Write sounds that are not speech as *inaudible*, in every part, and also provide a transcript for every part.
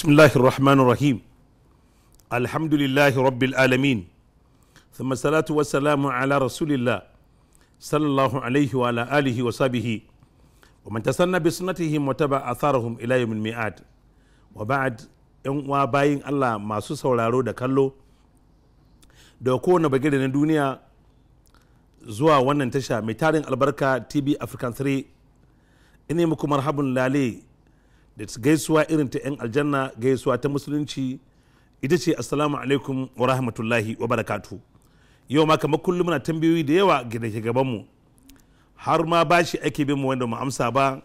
بسم الله الرحمن الرحيم الحمد لله رب العالمين ثم الصلاة والسلام على رسول الله صلى الله عليه وعلى آله وصحبه ومن تسنى بسنتهم وتبع أثارهم إلى يوم الميعاد وبعد ‘yan uwa bayin Allah masu sauraro da kallo da kowane bagire na duniya zuwa wannan tasha mai tarin albarka TV African 3 ina muku marhabin lale da gaisuwa irin ta 'yan aljanna gaisuwa ta musulunci ita ce assalamu alaikum wa rahmatullahi wa barakatu yau ma kamar kullum muna tambayoyi da yawa da ke gabanmu har ma ba shi ake bin mu wanda mu amsa ba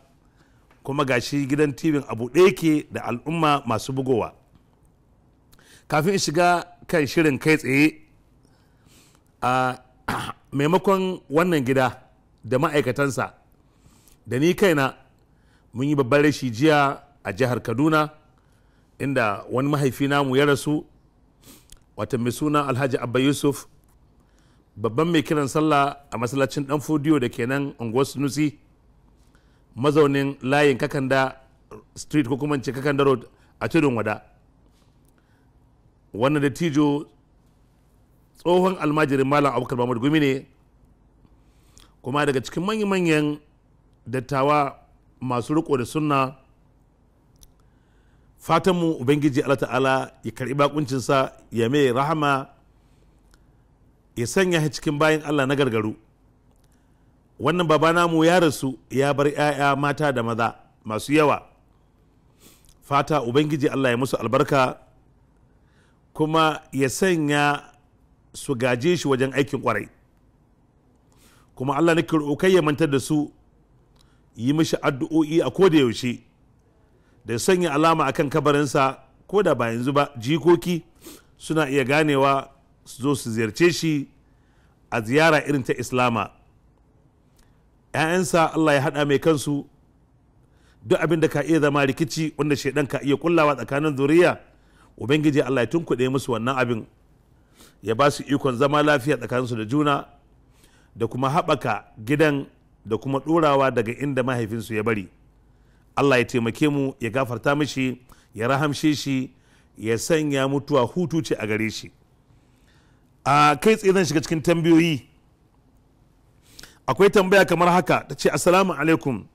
kuma ga shi gidan tibin abu ɗaya ke da al'umma masu bugowa kafin in shiga kan shirin kai tsaye a *clears throat* maimakon wannan gida da ma'aikatansa da ni kaina mun yi babbar rashi jiya a jihar kaduna inda wani mahaifi namu ya rasu wata mai suna alhaji abba yusuf babban mai kiran sallah a masallacin dan fodiyo da kenan unguwar sunusi mazaunin layin kakanda street ko kuma kakanda road a tudun wada wannan da tijo tsohon almajirin malam abubakar mahmud gumi ne kuma daga cikin manya-manyan dattawa masu riko da sunna fatanmu ubangiji allah ta'ala ya karbi bakuncinsa ya mai rahama ya sanya shi cikin bayan allah na gargaru wannan baba namu ya rasu ya bar 'ya'ya mata da maza masu yawa fata ubangiji allah ya musu albarka kuma ya sanya su gaje shi wajen aikin kwarai kuma allah na kai ya mantar da su yi mashi addu'o'i a koda yaushe da sanya alama a kan kabarinsa ko da ba yanzu ba jikoki suna iya ganewa su zo su ziyarce shi a ziyara irin ta islama 'ya'yansa allah ya haɗa mai kansu duk abin da ka iya zama rikici wanda shaidan ka iya kullawa tsakanin zuriya ubangiji allah ya tunkuɗe musu wannan abin ya ba su ikon zama lafiya tsakaninsu da juna da kuma haɓaka gidan da kuma ɗorawa daga inda mahaifinsu ya bari Allah ya taimake mu ya gafarta mishi ya rahamshe shi ya sanya mutuwa hutu ce a gare shi a kai tsaye zan shiga cikin tambayoyi akwai tambaya kamar haka ta ce assalamu alaikum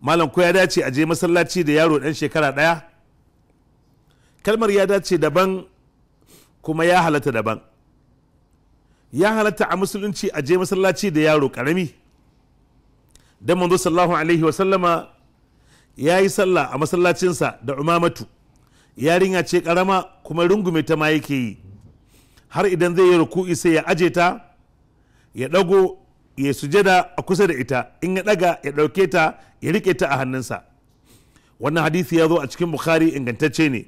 malam ko ya dace a je masallaci da yaro dan shekara ɗaya kalmar ya dace daban kuma ya halatta daban ya halatta a musulunci a je masallaci da yaro ƙarami dan manzo sallallahu alaihi wa sallama ya yi sallah a masallacinsa da umamatu yarinya ce karama kuma rungume ta ma yake yi har idan zai yi ruku'i sai ya aje ta ya dago ya sujada a kusa da ita in ya daga ya dauke ta ya rike ta a hannunsa wannan hadisi ya zo a cikin bukhari ingantacce ne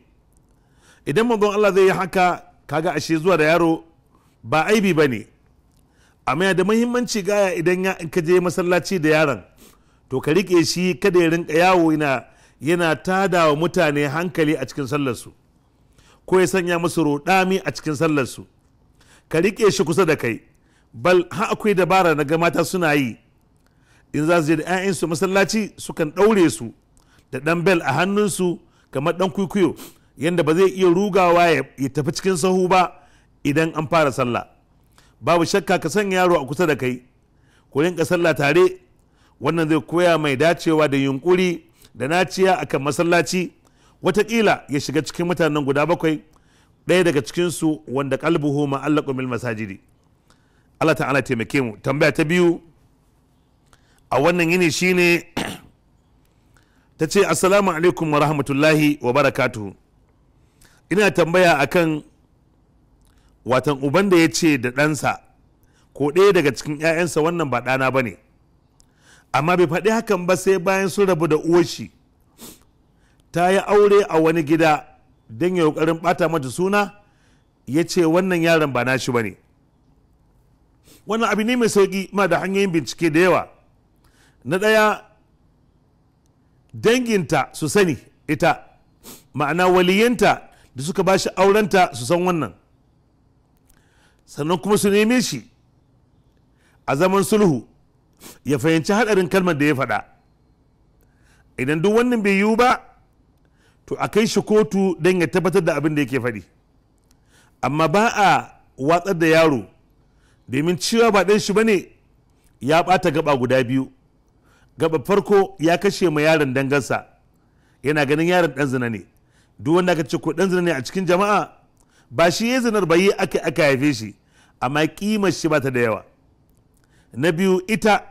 idan manzon Allah zai yi haka kaga ashe zuwa da yaro ba aibi ba ne amma yana da mahimmanci gaya idan ya ka je masallaci da yaron to ka rike shi kada ya rinka yawo yana yana tada wa mutane hankali a cikin sallarsu ko ya sanya musu rudami a cikin sallarsu ka rike shi kusa da kai bal ha akwai dabara na ga mata suna yi in za su je da 'ya'yansu masallaci sukan daure su da dan bel a hannunsu kamar dan kwikwiyo yanda ba zai iya rugawa ya tafi cikin sahu ba idan an fara sallah babu shakka ka sanya yaro a kusa da kai ku rinka sallah tare wannan zai koya mai dacewa da yunkuri da naciya akan masallaci watakila ya shiga cikin mutanen guda bakwai ɗaya daga cikinsu wanda kalbuhu ma'allaku mil masajidi Allah ta'ala taimake mu tambaya ta biyu a wannan yini shine *clears throat* ta ce assalamu alaikum wa rahmatullahi wa barakatu ina tambaya akan watan uban da ya ce da ɗansa ko ɗaya daga cikin 'ya'yansa wannan ba ɗana ba ne amma bai faɗi hakan ba sai bayan sun rabu da uwashi ta yi aure a wani gida don ya ƙoƙarin ɓata mata suna ya ce wannan yaron ba nashi ba ne wannan abu ne mai sauƙi ma da hanyoyin bincike da yawa na ɗaya danginta su sani ita ma'ana waliyanta da suka ba shi aurenta su san wannan sannan kuma su neme shi a zaman sulhu ya fahimci haɗarin kalmar da ya faɗa idan duk wannan bai yiwu ba to a kai shi kotu don ya tabbatar da abin da yake faɗi amma ba a watsar da yaro domin cewa ba ɗan shi ba ne ya ɓata gaba guda biyu gaba farko ya kashe ma yaron dangansa yana ganin yaron ɗan zina ne duk wanda aka ce ko ɗan zina ne a cikin jama'a ba shi ya zinar ba yi aka aka haife shi amma kimar shi bata da yawa na biyu ita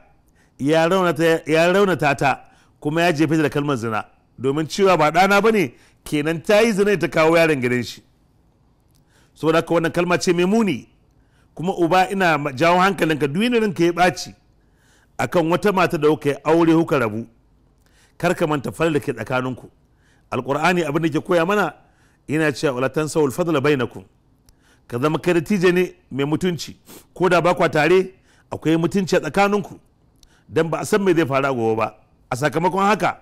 ya raunata ta kuma ya jefe da kalmar zina domin cewa ba ɗana ba ne kenan ta yi zina ta kawo yaron gidan shi saboda haka wannan kalma ce mai muni kuma uba ina jawo hankalinka duk inda ka ya ɓaci akan wata mata da kuka aure kuka rabu kar ka manta fal da ke tsakaninku alkur'ani abin da ke koya mana yana cewa wala bai na ku ka zama kai dattijo ne mai mutunci ko da ba kwa tare akwai mutunci a tsakaninku don ba a san mai zai faru a gobe ba a sakamakon haka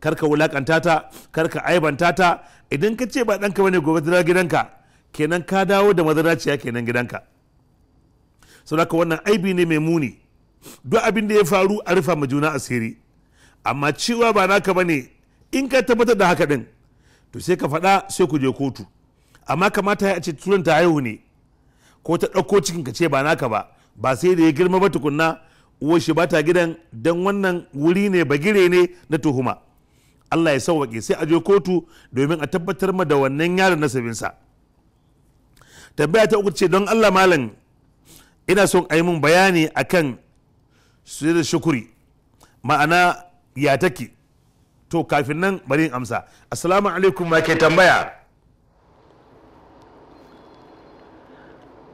karka wulakanta ta karka aibanta ta idan ka ce ba ɗanka bane gobe ta gidanka kenan ka dawo da madaraciya kenan gidanka saboda wannan aibi ne mai muni duk abin da ya faru a rufa ma juna asiri amma cewa ba naka ne in ka tabbatar da haka din to sai ka faɗa sai ku je kotu amma kamata ya ce turan ta haihu ne ko ta ɗauko cikin ka ce ba naka ba ba sai da ya girma ba tukunna uwar shi bata gidan dan wannan wuri ne bagire ne na tuhuma Allah ya sauwaƙe sai a je kotu domin a tabbatar ma da wannan yaron nasabinsa tambaya ta uku ce don Allah malam ina son a yi mun bayani akan su da shukuri ma'ana ya take to kafin nan bari in amsa assalamu alaikum ma ke tambaya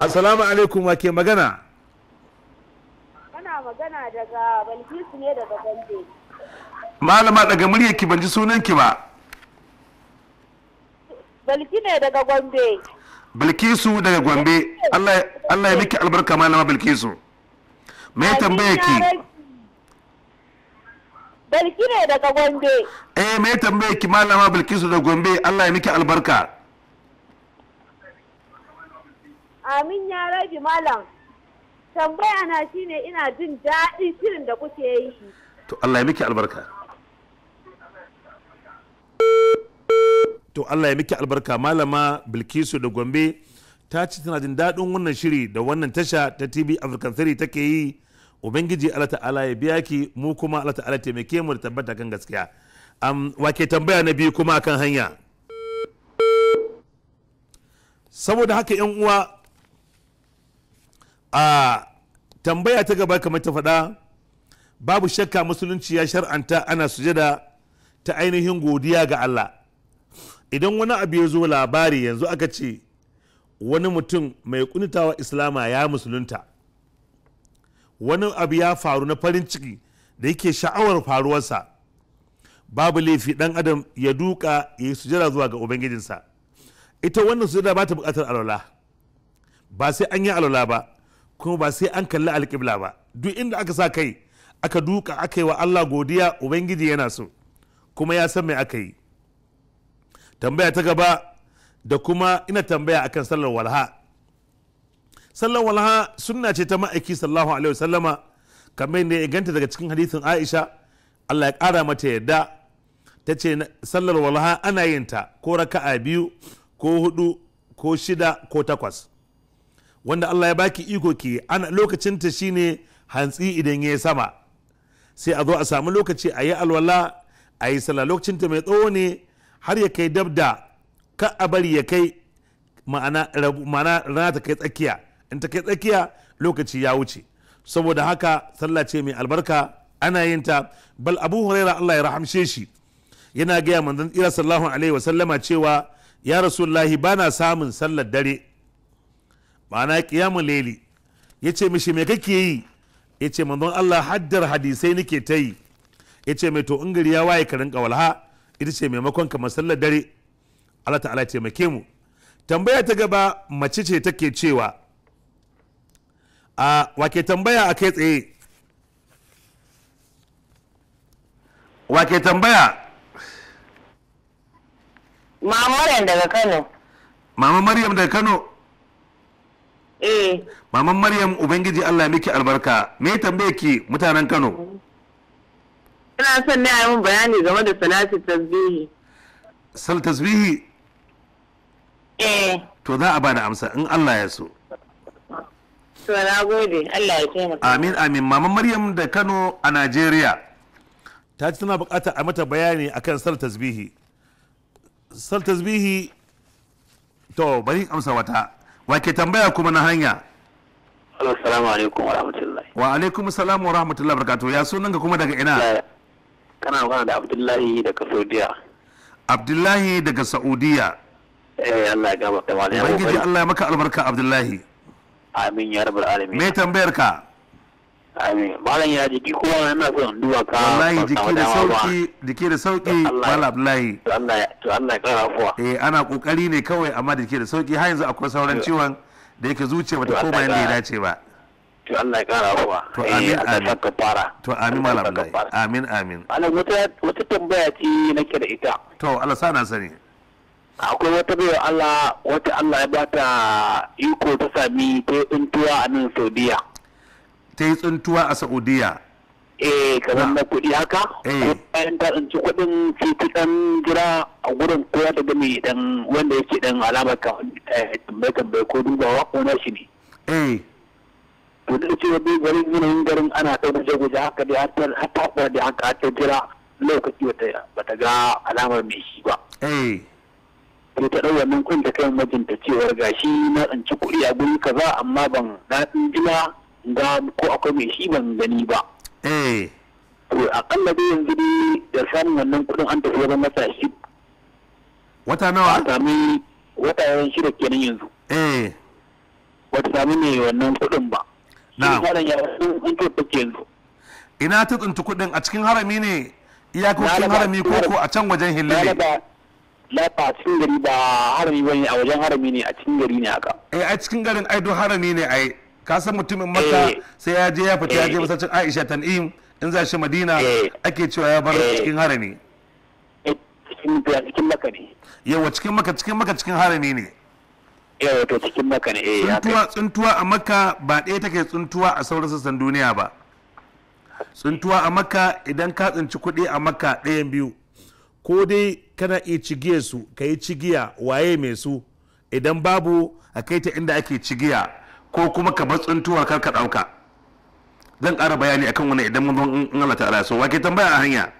assalamu alaikum ma ke magana kana magana daga balkisu ne daga gombe malama daga murya ki ban ji sunan ki ba balki ne daga gombe bilkisu daga gombe allah ya miki albarka malama bilkisu me tambaya ki Balki ne daga Gombe. Eh me tambaye ki malama Bilkisu da Gombe Allah ya miki albarka. Amin ya rabi malam. Tambaya na shine ina jin daɗi shirin da kuke yi. To Allah ya miki albarka. To Allah ya miki albarka malama Bilkisu da Gombe ta ci tana jin daɗin wannan shiri da wannan tasha ta TV African Theory take yi. ubangiji Allah ta'ala ya biya ki mu kuma Allah ta'ala taimake mu da tabbata kan gaskiya um, wake tambaya na biyu kuma kan hanya saboda haka yan uwa a tambaya ta gaba kamar ta faɗa babu shakka musulunci ya shar'anta ana sujada ta ainihin godiya ga Allah idan wani abu ya zo labari yanzu aka ce wani mutum mai kunitawa islama ya musulunta wani abu ya faru na farin ciki da yake sha'awar faruwarsa babu laifi dan adam ya duka ya yi sujada zuwa ga ubangijinsa ita wannan sujada ba ta bukatar alwala ba sai an yi alwala ba kuma ba sai an kalli alƙibla ba duk inda aka sa kai aka duka aka yi wa Allah godiya ubangiji yana so kuma ya san mai aka yi tambaya ta gaba da kuma ina tambaya akan sallar walha sallan walha sunna ce ta ma'aiki sallallahu alaihi wasallama kamar yadda ya ganta daga cikin hadisin aisha allah ya kara mata yadda ta ce sallar walha ana yin ta ko raka'a biyu ko hudu ko shida ko takwas wanda allah ya baki iko ki ana lokacin ta shine hantsi idan ya sama sai a zo a samu lokaci a yi alwala a yi sallah lokacinta ta mai tsawo ne har ya kai dabda da ka a bari ya kai ma'ana rana ta kai tsakiya in ta kai tsakiya lokaci ya wuce saboda haka sallah ce mai albarka ana yin ta bal abu huraira Allah ya rahamshe shi yana gaya manzon ira sallallahu alaihi wasallama cewa ya rasulullahi ba na samun sallar dare ma'ana kiyamun leli ya ce mishi me kake yi ya ce manzon Allah haddar hadisai nake ta yi ya ce mai to in ya waye ka rinka walha ita ce maimakon kamar sallar dare Allah ta'ala taimake mu tambaya ta gaba mace ce take cewa a wake tambaya a kai tsaye wake tambaya mama maryam daga kano mama maryam daga kano eh mama maryam ubangiji allah miki albarka me tambaye ki mutanen kano ina son ne a yi bayani game da salati tasbihi sal tasbihi eh to za a ba da amsa in allah ya so To na gode, Allah ya taimaka. Amin amin. Mama Maryam da Kano a Najeriya. Ta ci tana buƙatar a mata bayani akan sal tasbihi. Sal tasbihi to bari amsa wata. Wa ke tambaya kuma na hanya? Assalamu alaikum wa rahmatullahi. Wa alaikum assalamu wa rahmatullahi barakatuh. Ya sunan ka kuma daga ina? Kana magana da Abdullahi daga Saudiya. Abdullahi daga Saudiya. Eh Allah ya gama kamar ya. Ubangiji Allah ya maka albarka Abdullahi. amin ya rabar alamin me tambayar ka amin malam ya jiki kuma na son duwa ka wallahi jiki da sauki jiki da sauki malam abdullahi to Allah ya kara afuwa eh ana kokari ne kawai amma jiki da sauki har yanzu akwai sauran ciwon da yake zuciya bata koma yadda ya dace ba to Allah ya kara afuwa to eh, amin amin to amin malam abdullahi amin amin wata tambaya ce nake da ita to Allah sana sani akwai wata baiwa Allah wata Allah ya bata iko ta sami ta yi tsuntuwa a nan Saudiya. Ta yi tsuntuwa a Saudiya. Eh ka zan da kuɗi haka. Eh. Bayan ta tsinci kuɗin sai ta ɗan jira a gurin ko ya ta gani dan wanda yake dan alamar ka eh, tambaye tambaye ko dubawa ko na shi ne. Eh. To da cewa bai garin yanayin garin ana ta da guje haka da har hatta da haka ta jira lokaci bata ga alamar mai shi ba. Eh. sai ta ɗau wannan kun ta kai mijinta cewa gashi na tsanci kuɗi a guri kaza amma ban na jima ga ko akwai mai shi ban gani ba. Eh. To akalla dai yanzu dai da samun wannan kuɗin an tafi wajen masa shi. Wata nawa? Wata sami wata yawan shida kenan yanzu. Eh. Wata sami ne wannan kuɗin ba. Na'am. Shi ya wasu an kyautar yanzu. Ina ta kuɗin a cikin harami ne iyakokin harami ko ko a can wajen hillele. lafa a cikin gari ba harami ba ne a wajen harami ne a cikin gari ne haka eh a cikin garin aido harami ne ai ka san mutumin mata eh. sai ya je ya fita ya je eh. masallacin Aisha Tan'im in za shi Madina eh. ake cewa ya bar cikin harami cikin maka ne yawa cikin maka cikin maka cikin harami ne yawa to cikin maka ne eh tsuntuwa tsuntuwa a maka ba ɗaya take tsuntuwa a sauran sassan duniya ba tsuntuwa a maka idan ka tsinci kuɗi a maka ɗayan biyu ko dai kana iya cigiya su ka yi cigiya waye mai su idan babu a kai ta inda ake cigiya ko kuma ka bar tsuntuwar kar ka zan ƙara bayani akan wani idan mun in Allah ta'ala so wake tambaya a hanya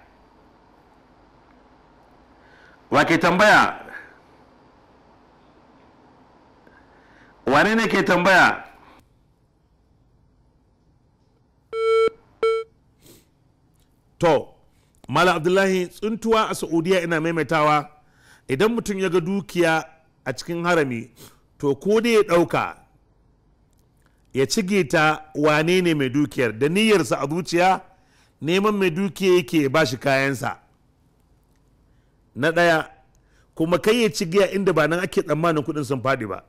wake tambaya wane ne ke tambaya to mala abdullahi tsuntuwa a saudiya ina maimaitawa idan mutum ya ga dukiya a cikin harami to ko dai ya ɗauka ya cige ta wane ne mai dukiyar da niyyarsa a zuciya neman mai dukiya yake ba shi kayansa na ɗaya kuma kai ya cige giya inda ba nan ake tsammanin kuɗin sun faɗi ba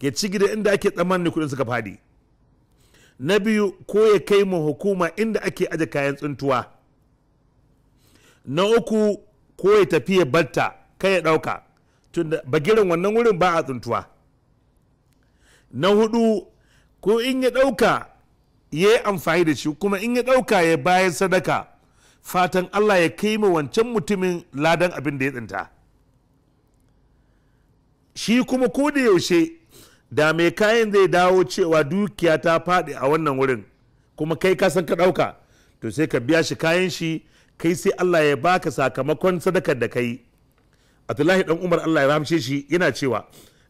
ya ci gida inda ake tsammanin kuɗin suka faɗi na biyu ko ya kai ma hukuma inda ake aje kayan tsuntuwa na uku ko ya tafi ya batta kai ya ɗauka tunda bagirin wannan wurin ba a tsuntuwa na hudu ko in ya ɗauka ya yi amfani da shi kuma in ya ɗauka ya bayan sadaka fatan Allah ya kai ma wancan mutumin ladan abin da ya tsinta shi kuma ko da yaushe da mai kayan zai dawo cewa dukiya ta faɗi a wannan wurin kuma kai ka san ka ɗauka to sai ka biya shi kayan shi kai sai Allah ya baka sakamakon sadakar da kai Abdullahi dan Umar Allah ya rahamshe shi yana cewa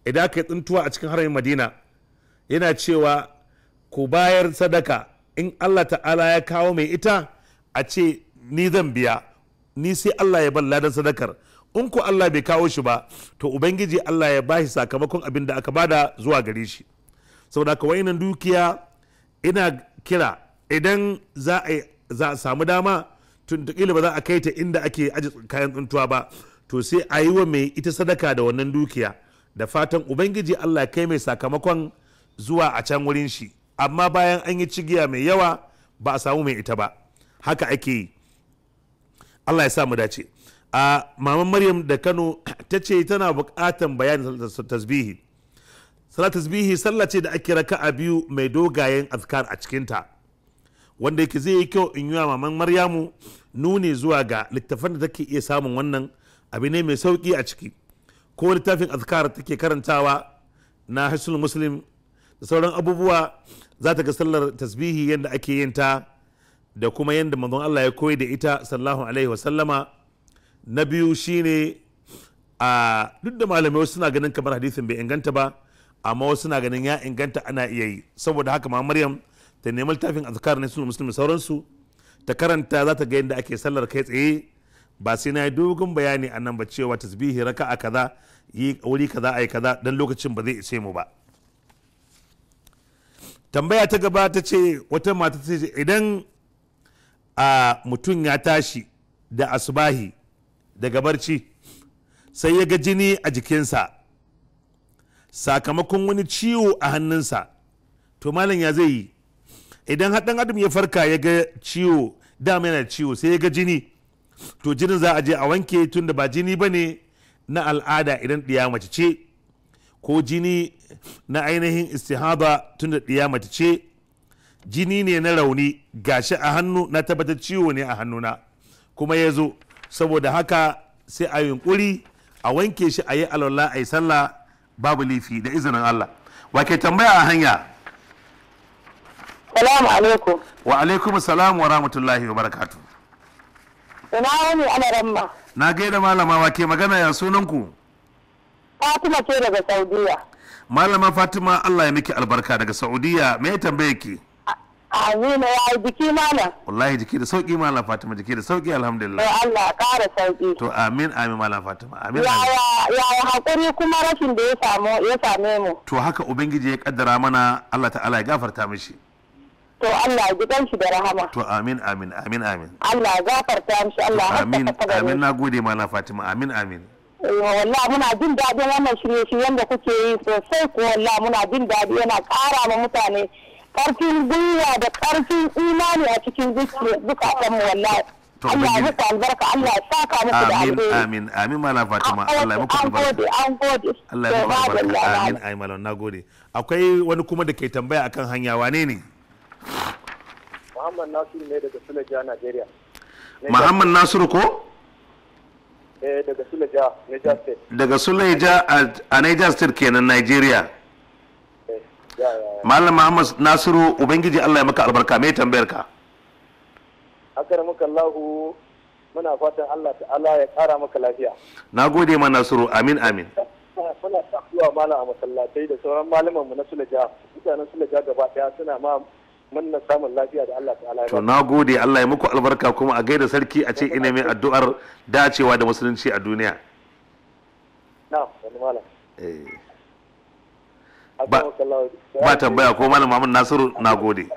idan ka tsintuwa a cikin haramin Madina yana cewa ku bayar sadaka in Allah ta'ala ya kawo mai ita a ce ni zan biya ni sai Allah ya ban ladan sadakar in ku Allah bai kawo shi ba to ubangiji Allah ya bashi sakamakon abin da aka bada zuwa gare shi saboda ka wayinan dukiya ina kira idan za a samu dama tuntukila ba za a kai ta inda ake aji kayan tsuntuwa ba to sai a yi wa mai ita sadaka da wannan dukiya da fatan ubangiji allah kai mai sakamakon zuwa a can wurin shi amma bayan an yi cigiya mai yawa ba a samu mai ita ba haka ake yi allah ya sa mu dace a maman maryam da kano *clears throat* ta ce tana bukatan bayanin tasbihi sallar tasbihi sallah ce da ake raka a biyu mai dogayen azkar a cikinta wanda yake zai yi kyau in yi wa maman maryamu nuni zuwa ga littafan da take iya samun wannan abu ne mai sauki a ciki ko littafin azkar take karantawa na hasul muslim da sauran abubuwa za ta ga sallar tasbihi yadda ake yin ta da kuma yadda manzon Allah ya koyi da ita sallahu alaihi wa sallama na biyu shine a duk da malamai wasu suna ganin kamar hadisin bai inganta ba amma wasu suna ganin ya inganta ana iya yi saboda haka ma maryam ta neman littafin azkar na sunan musulmi sauransu ta karanta za ta ga yadda ake sallar kai tsaye ba sai na yi dogon bayani a nan ba cewa tasbihi raka a kaza yi wuri kaza a yi kaza dan lokacin ba zai ishe mu ba tambaya ta gaba ta ce wata mata ta ce idan a mutum ya tashi da asubahi daga barci sai ya ga jini a jikinsa sakamakon wani ciwo a hannunsa to malam ya zai yi idan har adam ya farka ya ga ciwo dama yana ciwo sai ya ga jini to jinin za a je a wanke tun da ba jini ba ne na al'ada idan ɗiya mace ce ko jini na ainihin istihaba tun da ɗiya mace ce jini ne na rauni shi a hannu na tabbatar ciwo ne a hannuna kuma ya zo saboda haka sai a yunkuri a wanke shi a yi alwala a yi sallah babu laifi. da izinin Allah wake tambaya a hanya Salamu alaikum. Wa alaikum salam wa rahmatullahi wa barakatu. Ina wani ana ramma. Na gaida malama wa ke magana ya sunanku. Fatima ce daga Saudiya. Malama Fatima Allah ya miki albarka daga Saudiya me ya tambaye ki? Amina ya jiki malam. Wallahi jiki da sauki malam Fatima jiki da sauki alhamdulillah. To Allah ƙara sauki. To amin amin malam Fatima amin. ya ya hakuri kuma rashin da ya samu ya same mu. To haka ubangiji ya kaddara mana Allah ta'ala ya gafarta mishi. to Allah ya gidan shi da rahama to amin amin amin amin Allah ya gafarta mishi Allah To amin amin nagode mana Fatima amin amin eh, wallahi muna jin daɗin wannan shirye-shiryen da kuke yi sosai ko wallahi muna jin daɗi yana ƙara ma mutane ƙarfin gwiwa da ƙarfin imani a cikin mu wallahi Allah ya muku albarka Allah ya saka muku da alheri amin amin malam Fatima ah, Allah ya muku albarka an gode an gode Allah ya muku albarka amin ayi malam nagode akwai wani kuma da ke tambaya akan hanya wane ne Muhammad Nasiru ne daga Suleja, Najeriya. Muhammad Nasiru ko? Eh daga Suleja, Niger State. Daga Suleja a Niger State kenan Najeriya. Eh, malam Muhammad Nasiru Ubangiji Allah ya maka albarka mai tambayar ka? Akara maka Allahu muna fatan Allah ta'ala ya kara maka lafiya. Na gode ma Nasiru amin amin. Muna sa malam a masallatai da sauran malamanmu na Suleja, mutanen Suleja gaba daya suna ma wannan samun lafiya da Allah ta'ala to na gode Allah ya muku albarka kuma a gaida sarki a ce ina mai addu'ar dacewa da musulunci a duniya na malam eh. ba tambaya ko malam mamun Nasiru na gode eh,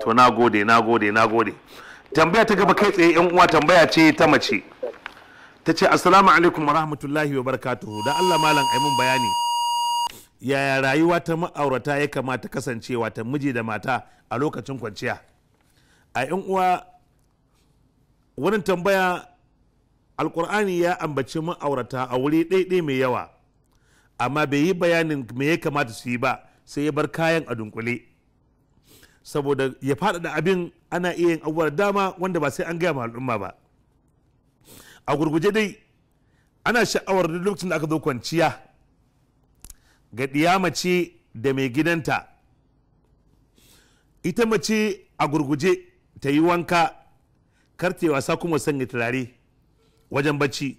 to na gode na gode na gode tambaya ta gaba kai tsaye yan uwa tambaya ce ta mace ta ce assalamu alaikum wa rahmatullahi wa barakatuhu da Allah malam ai mun bayani yaya rayuwa ta ma'aurata ya kamata kasancewa ta miji da mata a lokacin kwanciya a yan uwa wani tambaya alkur'ani ya ambaci ma'aurata a wuri ɗaiɗai mai yawa amma bai yi bayanin me ya kamata su yi ba sai ya bar kayan a dunkule saboda ya faɗaɗa abin ana iya yin abubuwar dama wanda ba sai an gaya al'umma ba a gurguje dai ana sha'awar duk lokacin da aka zo kwanciya ga ɗiya mace da mai gidanta ita mace a gurguje ta yi wanka karta wasa kuma sanya turare wajen bacci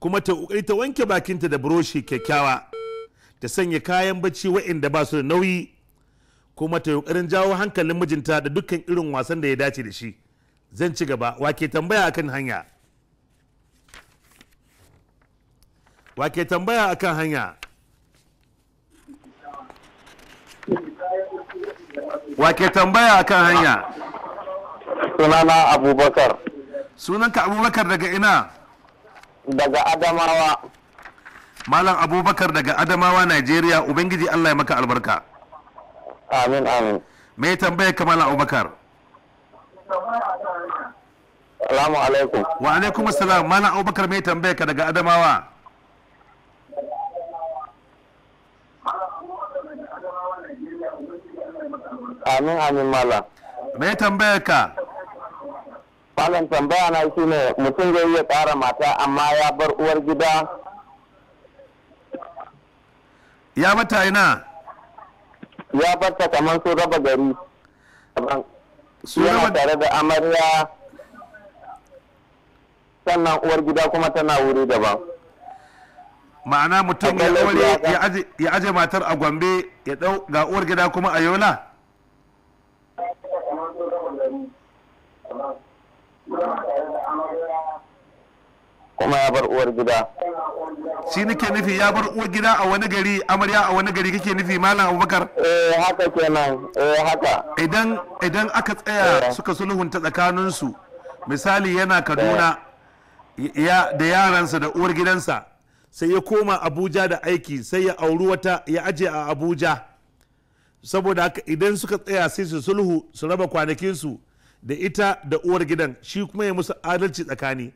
kuma ta ta wanke bakinta da buroshi kyakkyawa ta sanya kayan bacci wa'inda ba su da nauyi kuma ta kokarin jawo hankalin mijinta da dukkan irin wasan da ya dace da shi zan ci gaba wake tambaya akan hanya wake tambaya akan hanya wake tambaya akan hanya sunana abubakar sunanka abubakar daga ina daga adamawa malam abubakar daga adamawa nigeria ubangiji allah ya maka albarka amin amin me tambaya ka malam abubakar alaikum wa alaikum salam malam abubakar me tambaya ka daga adamawa Amin amin mala Me tambaya ka? Malam tambaya na shi ne mutum zai iya tsara mata amma ya bar uwar gida. Ya mata ina? Ya ta kamar su raba gari. Yana tare da amarya sannan uwar gida kuma tana wuri daban. Ma'ana mutum ya aje matar a Gombe ya ɗau ga uwar gida kuma a Yola? kuma ya bar uwar gida shi nake nufi ya bar uwar gida a wani gari amarya a wani gari kake nufi malam abubakar eh haka kenan eh haka idan idan aka tsaya eh. suka sulhunta tsakaninsu misali yana kaduna eh. da yaransa da uwar gidansa sai ya koma abuja da aiki sai ya auri wata ya aje a abuja saboda idan suka tsaya sai su sulhu su raba kwanakinsu da ita da uwar gidan shi kuma ya musu adalci tsakani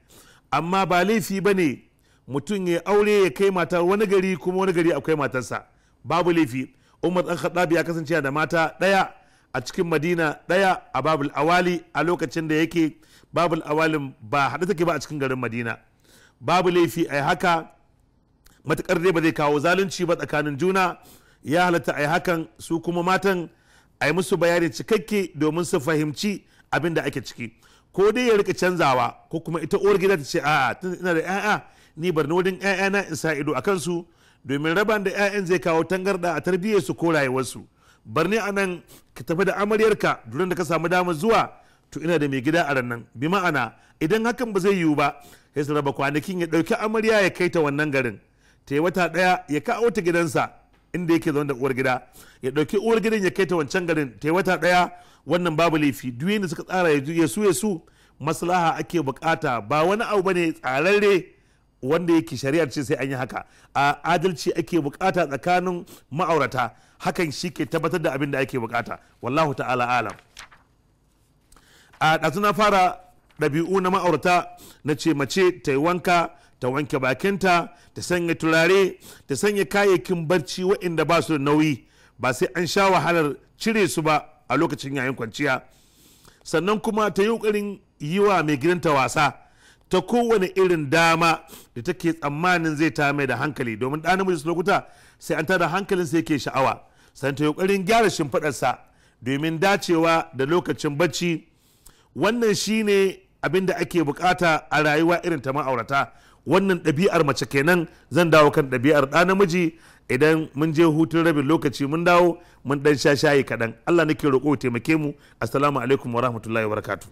amma ba laifi ba ne mutum ya aure ya kai mata wani gari kuma wani gari akwai matarsa babu laifi umar dan khattabi ya kasance da mata daya a cikin madina daya a babul awali a lokacin da yake babul awalin ba haɗu take ba a cikin garin madina babu laifi a haka matukar dai ba zai kawo zalunci ba tsakanin juna ya halatta ai hakan su kuma matan ai musu bayani cikakke domin su fahimci abin da ake ciki ko dai ya rika canzawa ko kuma ita uwar gida ta ce a tun ina da 'ya'ya ni bar wajen ƴaƴana in sa ido a kansu domin raban da ƴaƴan zai kawo tangarda a tarbiyyar su ko rayuwarsu bar ni anan ka tafi da amaryarka duran da ka samu damar zuwa to ina da mai gida a rannan bi ma'ana idan hakan ba zai yiwu ba sai su raba kwanakin ya ɗauki amarya ya kai ta wannan garin ta yi wata ɗaya ya kawo ta gidansa inda yake zaune da uwar gida ya dauki uwar gidan ya kai ta wancan garin ta wata ɗaya wannan babu laifi duk yadda suka tsara ya su ya su maslaha ake bukata ba wani abu bane tsararre wanda yake shari'ar ce sai an yi haka a adalci ake bukata tsakanin ma'aurata hakan shi ke tabbatar da abin da ake bukata wallahu ta'ala alam a ɗazu na fara ɗabi'u na ma'aurata na ce mace ta yi wanka ta wanke bakinta ta sanya turare ta sanya kayayyakin barci waɗanda ba su da nauyi ba sai an sha wahalar cire su ba a lokacin yayin kwanciya sannan kuma ta yi ƙoƙarin yi wa mai gidanta wasa ta kowane irin dama da take tsammanin zai ta mai da hankali domin ɗan namiji lokuta sai an tada hankalin sai yake sha'awa sannan ta yi ƙoƙarin gyara shimfiɗarsa domin dacewa da lokacin bacci wannan shine abin da ake bukata a rayuwa irin ta ma'aurata wannan ɗabi'ar mace kenan zan dawo kan ɗabi'ar ɗa namiji idan mun je hutun rabin lokaci mun dawo mun ɗan sha shayi kaɗan allah nake roƙo taimake mu assalamu alaikum wa rahmatullahi wa barakatuh